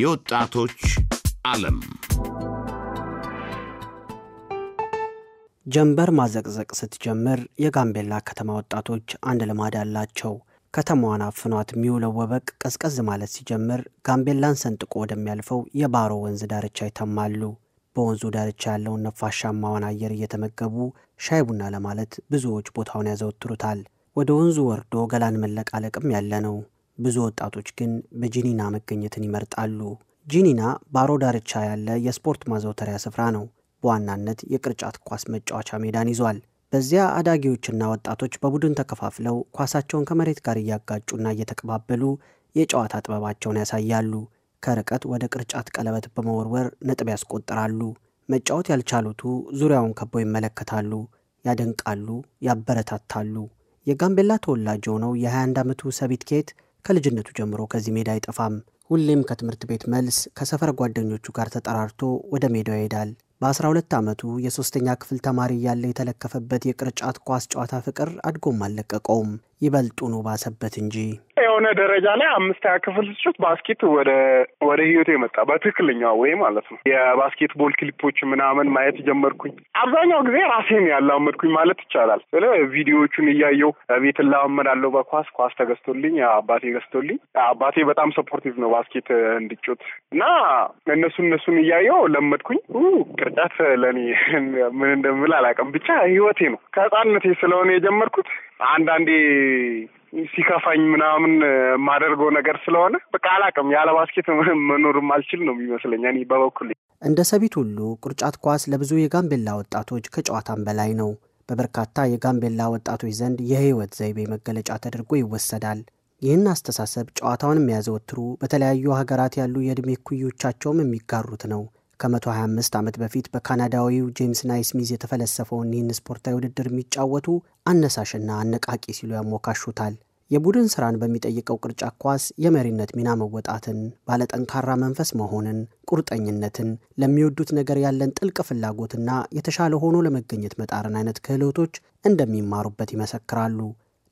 የወጣቶች ዓለም ጀንበር ማዘቅዘቅ ስትጀምር የጋምቤላ ከተማ ወጣቶች አንድ ልማድ አላቸው። ከተማዋን አፍኗት የሚውለው ወበቅ ቀዝቀዝ ማለት ሲጀምር ጋምቤላን ሰንጥቆ ወደሚያልፈው የባሮ ወንዝ ዳርቻ ይተማሉ። በወንዙ ዳርቻ ያለውን ነፋሻማዋን አየር እየተመገቡ ሻይ ቡና ለማለት ብዙዎች ቦታውን ያዘወትሩታል። ወደ ወንዙ ወርዶ ገላን መለቃለቅም ያለ ነው። ብዙ ወጣቶች ግን በጂኒና መገኘትን ይመርጣሉ። ጂኒና ባሮ ዳርቻ ያለ የስፖርት ማዘውተሪያ ስፍራ ነው። በዋናነት የቅርጫት ኳስ መጫወቻ ሜዳን ይዟል። በዚያ አዳጊዎችና ወጣቶች በቡድን ተከፋፍለው ኳሳቸውን ከመሬት ጋር እያጋጩና እየተቀባበሉ የጨዋታ ጥበባቸውን ያሳያሉ። ከርቀት ወደ ቅርጫት ቀለበት በመወርወር ነጥብ ያስቆጥራሉ። መጫወት ያልቻሉቱ ዙሪያውን ከበው ይመለከታሉ፣ ያደንቃሉ፣ ያበረታታሉ። የጋምቤላ ተወላጅ የሆነው የ21 ዓመቱ ሰቢት ኬት ከልጅነቱ ጀምሮ ከዚህ ሜዳ አይጠፋም። ሁሌም ከትምህርት ቤት መልስ ከሰፈር ጓደኞቹ ጋር ተጠራርቶ ወደ ሜዳው ይሄዳል። በ12 ዓመቱ የሶስተኛ ክፍል ተማሪ እያለ የተለከፈበት የቅርጫት ኳስ ጨዋታ ፍቅር አድጎም አልለቀቀውም። ይበልጡኑ ባሰበት እንጂ የሆነ ደረጃ ላይ አምስተኛ ክፍል ስጭት ባስኬት ወደ ወደ ህይወት የመጣ በትክክለኛ ወይ ማለት ነው። የባስኬትቦል ክሊፖች ምናምን ማየት ጀመርኩኝ። አብዛኛው ጊዜ ራሴን ያላመድኩኝ ማለት ይቻላል። ስለ ቪዲዮዎቹን እያየው ቤት እላመዳለሁ። በኳስ ኳስ ተገዝቶልኝ አባቴ ገዝቶልኝ፣ አባቴ በጣም ሰፖርቲቭ ነው ባስኬት እንድጮት እና እነሱ እነሱን እያየው ለመድኩኝ። ቅርጫት ለእኔ ምን እንደምል አላውቅም፣ ብቻ ህይወቴ ነው ከህፃንነቴ ስለሆነ የጀመርኩት አንዳንዴ ሲከፋኝ ምናምን የማደርገው ነገር ስለሆነ በቃ አላቅም ያለ ባስኬት መኖር ማልችል ነው የሚመስለኝ እኔ በበኩል። እንደ ሰቢት ሁሉ ቅርጫት ኳስ ለብዙ የጋምቤላ ወጣቶች ከጨዋታም በላይ ነው። በበርካታ የጋምቤላ ወጣቶች ዘንድ የህይወት ዘይቤ መገለጫ ተደርጎ ይወሰዳል። ይህን አስተሳሰብ ጨዋታውን የሚያዘወትሩ በተለያዩ ሀገራት ያሉ የዕድሜ ኩዮቻቸውም የሚጋሩት ነው። ከ125 ዓመት በፊት በካናዳዊው ጄምስ ናይስሚዝ የተፈለሰፈውን ይህን ስፖርታዊ ውድድር የሚጫወቱ አነሳሽና አነቃቂ ሲሉ ያሞካሹታል። የቡድን ስራን በሚጠይቀው ቅርጫት ኳስ የመሪነት ሚና መወጣትን፣ ባለጠንካራ መንፈስ መሆንን፣ ቁርጠኝነትን፣ ለሚወዱት ነገር ያለን ጥልቅ ፍላጎትና የተሻለ ሆኖ ለመገኘት መጣርን አይነት ክህሎቶች እንደሚማሩበት ይመሰክራሉ።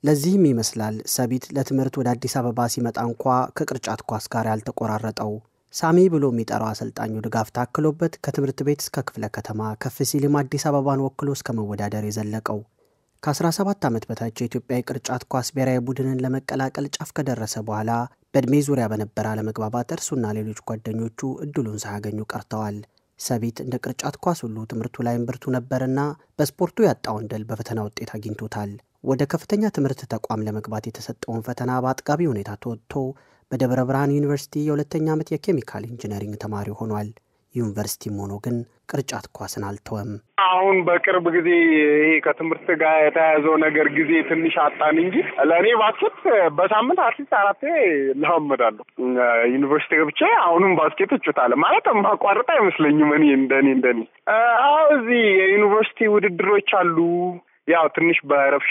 ለዚህም ይመስላል ሰቢት ለትምህርት ወደ አዲስ አበባ ሲመጣ እንኳ ከቅርጫት ኳስ ጋር ያልተቆራረጠው። ሳሚ ብሎ የሚጠራው አሰልጣኙ ድጋፍ ታክሎበት ከትምህርት ቤት እስከ ክፍለ ከተማ ከፍ ሲልም አዲስ አበባን ወክሎ እስከ መወዳደር የዘለቀው ከ17 ዓመት በታች የኢትዮጵያ የቅርጫት ኳስ ብሔራዊ ቡድንን ለመቀላቀል ጫፍ ከደረሰ በኋላ በዕድሜ ዙሪያ በነበረ አለመግባባት እርሱና ሌሎች ጓደኞቹ እድሉን ሳያገኙ ቀርተዋል። ሰቢት እንደ ቅርጫት ኳስ ሁሉ ትምህርቱ ላይም ብርቱ ነበርና በስፖርቱ ያጣውን ድል በፈተና ውጤት አግኝቶታል። ወደ ከፍተኛ ትምህርት ተቋም ለመግባት የተሰጠውን ፈተና በአጥጋቢ ሁኔታ ተወጥቶ በደብረ ብርሃን ዩኒቨርሲቲ የሁለተኛ ዓመት የኬሚካል ኢንጂነሪንግ ተማሪ ሆኗል። ዩኒቨርሲቲም ሆኖ ግን ቅርጫት ኳስን አልተወም። አሁን በቅርብ ጊዜ ይሄ ከትምህርት ጋር የተያያዘው ነገር ጊዜ ትንሽ አጣን እንጂ ለእኔ ባስኬት በሳምንት አትሊስት አራቴ ለማመዳለሁ። ዩኒቨርሲቲ ገብቼ አሁንም ባስኬት እችታለሁ ማለት ማቋረጥ አይመስለኝም። እኔ እንደኔ እንደኔ እዚህ የዩኒቨርሲቲ ውድድሮች አሉ ያው ትንሽ በረብሻ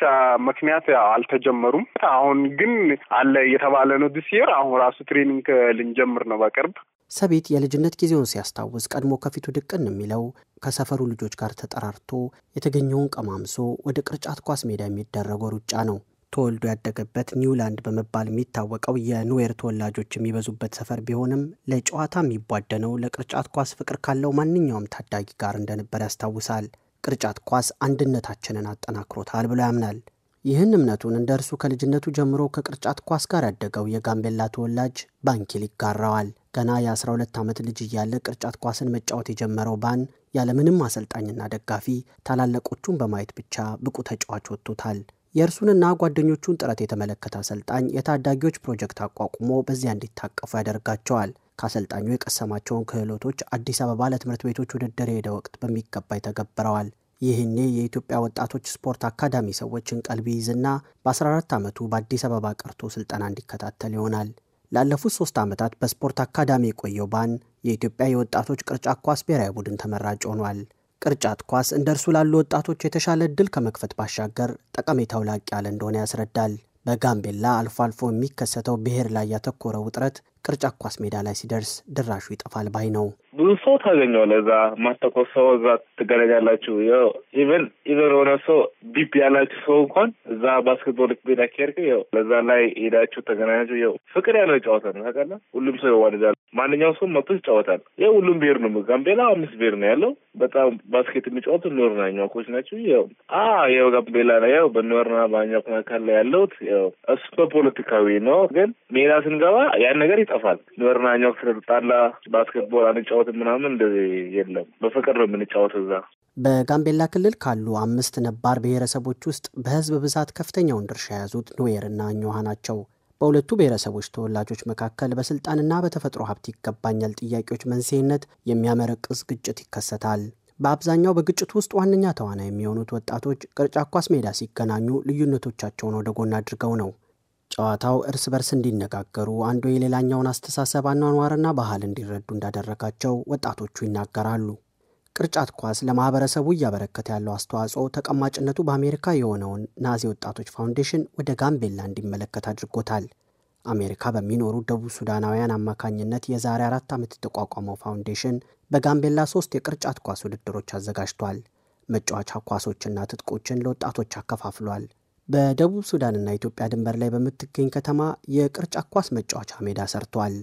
ምክንያት አልተጀመሩም። አሁን ግን አለ እየተባለ ነው። ዲስር አሁን ራሱ ትሬኒንግ ልንጀምር ነው በቅርብ። ሰቤት የልጅነት ጊዜውን ሲያስታውስ ቀድሞ ከፊቱ ድቅን የሚለው ከሰፈሩ ልጆች ጋር ተጠራርቶ የተገኘውን ቀማምሶ ወደ ቅርጫት ኳስ ሜዳ የሚደረገው ሩጫ ነው። ተወልዶ ያደገበት ኒውላንድ በመባል የሚታወቀው የኑዌር ተወላጆች የሚበዙበት ሰፈር ቢሆንም ለጨዋታ የሚቧደነው ለቅርጫት ኳስ ፍቅር ካለው ማንኛውም ታዳጊ ጋር እንደነበር ያስታውሳል። ቅርጫት ኳስ አንድነታችንን አጠናክሮታል ብሎ ያምናል። ይህን እምነቱን እንደ እርሱ ከልጅነቱ ጀምሮ ከቅርጫት ኳስ ጋር ያደገው የጋምቤላ ተወላጅ ባንኪል ይጋራዋል። ገና የ12 ዓመት ልጅ እያለ ቅርጫት ኳስን መጫወት የጀመረው ባን ያለምንም አሰልጣኝና ደጋፊ ታላላቆቹን በማየት ብቻ ብቁ ተጫዋች ወጥቶታል። የእርሱንና ጓደኞቹን ጥረት የተመለከተ አሰልጣኝ የታዳጊዎች ፕሮጀክት አቋቁሞ በዚያ እንዲታቀፉ ያደርጋቸዋል። ከአሰልጣኙ የቀሰማቸውን ክህሎቶች አዲስ አበባ ለትምህርት ቤቶች ውድድር የሄደ ወቅት በሚገባ ይተገብረዋል። ይህኔ የኢትዮጵያ ወጣቶች ስፖርት አካዳሚ ሰዎችን ቀልብ ይይዝና በ14 ዓመቱ በአዲስ አበባ ቀርቶ ስልጠና እንዲከታተል ይሆናል። ላለፉት ሶስት ዓመታት በስፖርት አካዳሚ የቆየው ባን የኢትዮጵያ የወጣቶች ቅርጫት ኳስ ብሔራዊ ቡድን ተመራጭ ሆኗል። ቅርጫት ኳስ እንደ እርሱ ላሉ ወጣቶች የተሻለ እድል ከመክፈት ባሻገር ጠቀሜታው ላቅ ያለ እንደሆነ ያስረዳል። በጋምቤላ አልፎ አልፎ የሚከሰተው ብሔር ላይ ያተኮረ ውጥረት ቅርጫት ኳስ ሜዳ ላይ ሲደርስ ድራሹ ይጠፋል ባይ ነው። ብዙ ሰው ታገኘዋለህ። እዛ ማተኮር ሰው እዛ ትገናኛላችሁ። ኢቨን ኢቨን ሆነ ሰው ዲፕ ያላችሁ ሰው እንኳን እዛ ባስኬትቦል ሜዳ ከሄድክ ው ለዛ ላይ ሄዳችሁ ተገናኛችሁ። ው ፍቅር ያለው ጨዋታ ነው። ታውቃለህ ሁሉም ሰው ይዋደዳል። ማንኛው ሰው መጥቶ ይጫወታል። ይኸው ሁሉም ብሄር ነው። ጋምቤላ አምስት ብሄር ነው ያለው። በጣም ባስኬት የሚጫወቱ ኖርናኛ ኮች ናቸው። ይኸው አ ጋምቤላ ላይ ያው በኖርና በኛ መካከል ላይ ያለውት ያው እሱ በፖለቲካዊ ነው፣ ግን ሜላ ስንገባ ያን ነገር ይጠፋል። ኖርናኛ ስለጣላ ባስኬትቦል አንጫወት ምናምን እንደዚህ የለም። በፍቅር ነው የምንጫወት እዛ። በጋምቤላ ክልል ካሉ አምስት ነባር ብሔረሰቦች ውስጥ በህዝብ ብዛት ከፍተኛውን ድርሻ የያዙት ኑዌርና እኛሃ ናቸው። በሁለቱ ብሔረሰቦች ተወላጆች መካከል በስልጣንና በተፈጥሮ ሀብት ይገባኛል ጥያቄዎች መንስኤነት የሚያመረቅዝ ግጭት ይከሰታል። በአብዛኛው በግጭት ውስጥ ዋነኛ ተዋና የሚሆኑት ወጣቶች ቅርጫ ኳስ ሜዳ ሲገናኙ ልዩነቶቻቸውን ወደ ጎን አድርገው ነው። ጨዋታው እርስ በርስ እንዲነጋገሩ፣ አንዱ የሌላኛውን አስተሳሰብ አኗኗርና ባህል እንዲረዱ እንዳደረጋቸው ወጣቶቹ ይናገራሉ። ቅርጫት ኳስ ለማህበረሰቡ እያበረከተ ያለው አስተዋጽኦ ተቀማጭነቱ በአሜሪካ የሆነውን ናዚ ወጣቶች ፋውንዴሽን ወደ ጋምቤላ እንዲመለከት አድርጎታል። አሜሪካ በሚኖሩ ደቡብ ሱዳናውያን አማካኝነት የዛሬ አራት ዓመት የተቋቋመው ፋውንዴሽን በጋምቤላ ሶስት የቅርጫት ኳስ ውድድሮች አዘጋጅቷል። መጫወቻ ኳሶችና ትጥቆችን ለወጣቶች አከፋፍሏል። በደቡብ ሱዳንና ኢትዮጵያ ድንበር ላይ በምትገኝ ከተማ የቅርጫት ኳስ መጫወቻ ሜዳ ሰርቷል።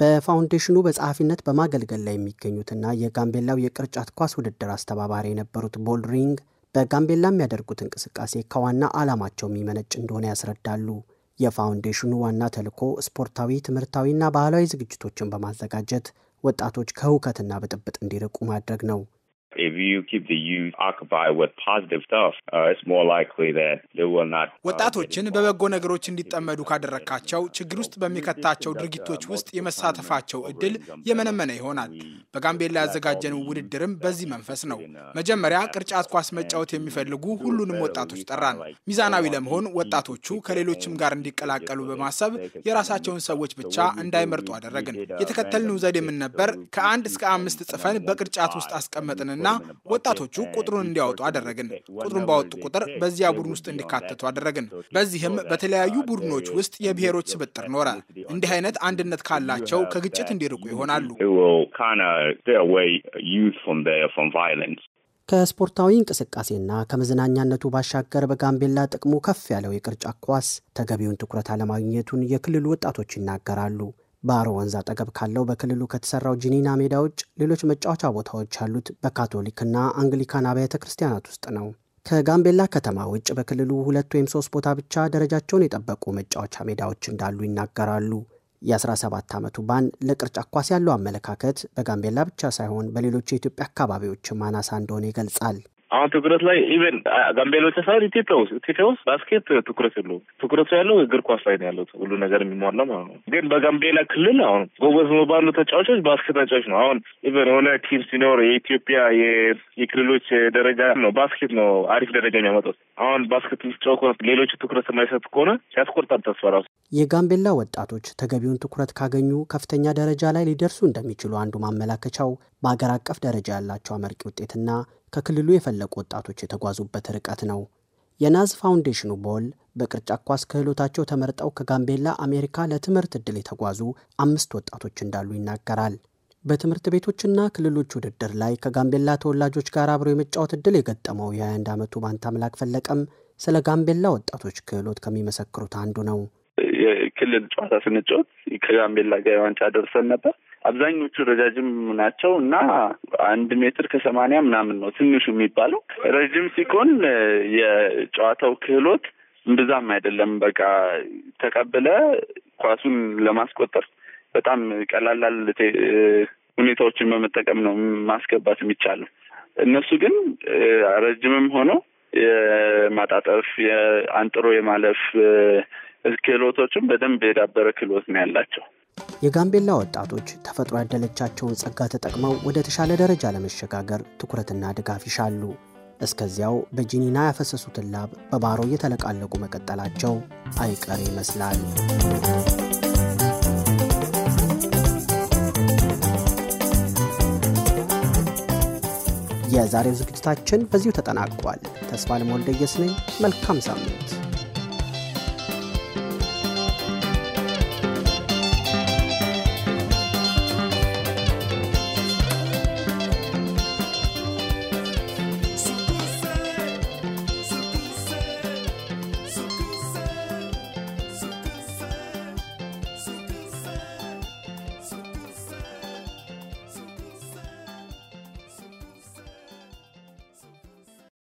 በፋውንዴሽኑ በጸሐፊነት በማገልገል ላይ የሚገኙትና የጋምቤላው የቅርጫት ኳስ ውድድር አስተባባሪ የነበሩት ቦልሪንግ በጋምቤላ የሚያደርጉት እንቅስቃሴ ከዋና ዓላማቸው የሚመነጭ እንደሆነ ያስረዳሉ። የፋውንዴሽኑ ዋና ተልዕኮ ስፖርታዊ፣ ትምህርታዊና ባህላዊ ዝግጅቶችን በማዘጋጀት ወጣቶች ከሁከትና ብጥብጥ እንዲርቁ ማድረግ ነው። If you keep the youth occupied with positive stuff, uh, it's more likely that they will not. Uh, ወጣቶችን በበጎ ነገሮች እንዲጠመዱ ካደረካቸው ችግር ውስጥ በሚከታቸው ድርጊቶች ውስጥ የመሳተፋቸው እድል የመነመነ ይሆናል። በጋምቤላ ያዘጋጀነው ውድድርም በዚህ መንፈስ ነው። መጀመሪያ ቅርጫት ኳስ መጫወት የሚፈልጉ ሁሉንም ወጣቶች ጠራን። ሚዛናዊ ለመሆን ወጣቶቹ ከሌሎችም ጋር እንዲቀላቀሉ በማሰብ የራሳቸውን ሰዎች ብቻ እንዳይመርጡ አደረግን። የተከተልነው ዘዴ ምን ነበር? ከአንድ እስከ አምስት ጽፈን በቅርጫት ውስጥ አስቀመጥንና እና ወጣቶቹ ቁጥሩን እንዲያወጡ አደረግን። ቁጥሩን ባወጡ ቁጥር በዚያ ቡድን ውስጥ እንዲካተቱ አደረግን። በዚህም በተለያዩ ቡድኖች ውስጥ የብሔሮች ስብጥር ኖረ። እንዲህ አይነት አንድነት ካላቸው ከግጭት እንዲርቁ ይሆናሉ። ከስፖርታዊ እንቅስቃሴና ከመዝናኛነቱ ባሻገር በጋምቤላ ጥቅሙ ከፍ ያለው የቅርጫት ኳስ ተገቢውን ትኩረት አለማግኘቱን የክልሉ ወጣቶች ይናገራሉ። በአሮ ወንዝ አጠገብ ካለው በክልሉ ከተሰራው ጂኒና ሜዳ ውጭ ሌሎች መጫወቻ ቦታዎች ያሉት በካቶሊክና አንግሊካን አብያተ ክርስቲያናት ውስጥ ነው። ከጋምቤላ ከተማ ውጭ በክልሉ ሁለት ወይም ሶስት ቦታ ብቻ ደረጃቸውን የጠበቁ መጫወቻ ሜዳዎች እንዳሉ ይናገራሉ። የ17 ዓመቱ ባን ለቅርጫ ኳስ ያለው አመለካከት በጋምቤላ ብቻ ሳይሆን በሌሎች የኢትዮጵያ አካባቢዎችም አናሳ እንደሆነ ይገልጻል። አሁን ትኩረት ላይ ኢቨን ጋምቤሎች ሳይሆን ኢትዮጵያ ውስጥ ኢትዮጵያ ውስጥ ባስኬት ትኩረት የለውም። ትኩረቱ ያለው እግር ኳስ ላይ ነው ያለው ሁሉ ነገር የሚሟላ ማለት ነው። ግን በጋምቤላ ክልል አሁን ጎበዝ ባሉ ተጫዋቾች ባስኬት ተጫዋች ነው። አሁን ኢቨን የሆነ ቲም ሲኖር የኢትዮጵያ የክልሎች ደረጃ ነው ባስኬት ነው አሪፍ ደረጃ የሚያመጡት። አሁን ባስኬት ከሆነ ሌሎች ትኩረት የማይሰጥ ከሆነ ያስቆርጣል ተስፋ ራሱ። የጋምቤላ ወጣቶች ተገቢውን ትኩረት ካገኙ ከፍተኛ ደረጃ ላይ ሊደርሱ እንደሚችሉ አንዱ ማመላከቻው በሀገር አቀፍ ደረጃ ያላቸው አመርቂ ውጤትና ከክልሉ የፈለቁ ወጣቶች የተጓዙበት ርቀት ነው። የናዝ ፋውንዴሽኑ ቦል በቅርጫት ኳስ ክህሎታቸው ተመርጠው ከጋምቤላ አሜሪካ ለትምህርት ዕድል የተጓዙ አምስት ወጣቶች እንዳሉ ይናገራል። በትምህርት ቤቶችና ክልሎች ውድድር ላይ ከጋምቤላ ተወላጆች ጋር አብሮ የመጫወት ዕድል የገጠመው የ21 ዓመቱ ባንታምላክ ፈለቀም ስለ ጋምቤላ ወጣቶች ክህሎት ከሚመሰክሩት አንዱ ነው። የክልል ጨዋታ ስንጫወት ከጋምቤላ ጋር ዋንጫ ደርሰን ነበር። አብዛኞቹ ረጃጅም ናቸው እና አንድ ሜትር ከሰማንያ ምናምን ነው ትንሹ የሚባለው። ረጅም ሲኮን የጨዋታው ክህሎት እምብዛም አይደለም። በቃ ተቀብለ ኳሱን ለማስቆጠር በጣም ቀላላል ሁኔታዎችን በመጠቀም ነው ማስገባት የሚቻለው። እነሱ ግን ረጅምም ሆነው የማጣጠፍ የአንጥሮ የማለፍ ክህሎቶችም በደንብ የዳበረ ክህሎት ነው ያላቸው። የጋምቤላ ወጣቶች ተፈጥሮ ያደለቻቸውን ጸጋ ተጠቅመው ወደ ተሻለ ደረጃ ለመሸጋገር ትኩረትና ድጋፍ ይሻሉ። እስከዚያው በጂኒና ያፈሰሱትን ላብ በባሮ እየተለቃለቁ መቀጠላቸው አይቀር ይመስላል። የዛሬው ዝግጅታችን በዚሁ ተጠናቋል። ተስፋ ለሞልደየስ ነኝ። መልካም ሳምንት።